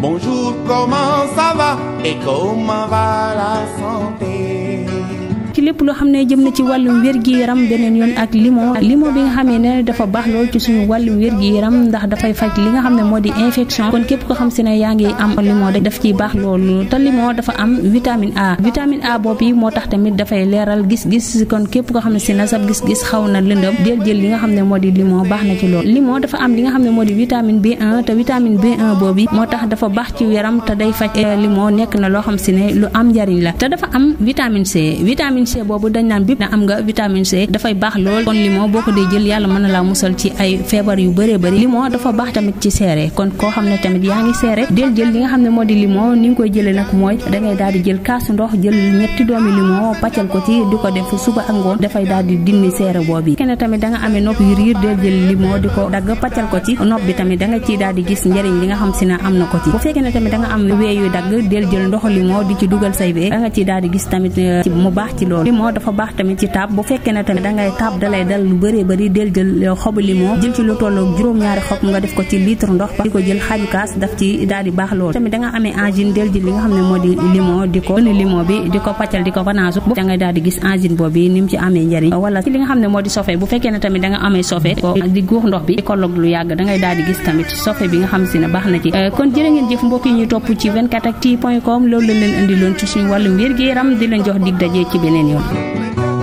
Bonjour, comment ça et comment la santé lépp loo xam ne jëm na ci wàllum wér-gi-yaram beneen yoon ak limon limon bi nga xamee ne dafa baax lool ci suñu wàllum wér-gi-yaram ndax dafay faj li nga xam ne moo di infection képp ko xam yaa ngi am limon daf ciy baax loolu te limon dafa am moo tax tamit dafay leeral gis-gis kon képp ko xam ne si na sab gis-gis xaw na lëndëm del jël li nga xam ne moo di limon baax na ci lool limon dafa am li nga xam ne moo di vitamine B1 te vitamine B1 boobu moo tax dafa baax ci yaram te day faj eh, limon nekk na loo xam si ne lu am njariñ la te dafa am vitamine C C boobu dañ naan bip na am nga vitamine C dafay baax lool kon limon boo ko dee jël yàlla mën na laa musal ci ay feebar yu bëree bëri limon dafa baax tamit ci seere kon koo xam ne tamit yaa ngi seere del jël li nga xam ne moo di limon ni nga koy jëlee nag mooy da ngay daal di jël kaasu ndox jël ñetti doomi limon pàccal ko ci di ko def suba ak ngoon dafay daal di dimmi seere boobu kenn tamit da nga amee nopp yu riir del jël limon di ko dagg pàccal ko ci nopp bi tamit da nga ciy daal di gis njëriñ li nga xam si ne am na ko ci bu fekkee ne tamit da am wee yu dagg del jël ndox limon di ci dugal say bee da nga ciy daal di gis tamit eh, mu limon dafa baax tamit ci taab bu fekkee ne tamit dangay taab dalay dal lu bëree bëri del jël euh, xobu limon jël ci lu tolloog juróom-ñaari xob nga def ko ci litre ndox da bi di ko da ngay daal di gis angine boobu ni mu ci amee njëriñ wala ci li nga xam ne moo di sofe bi nga xam si ne baax na ci euh, kon jërë ngeen jëf mbokk ñu topp ci 24actu point com loolu leen indi loon ci suñu di leen jox dig dajee ci beneen español.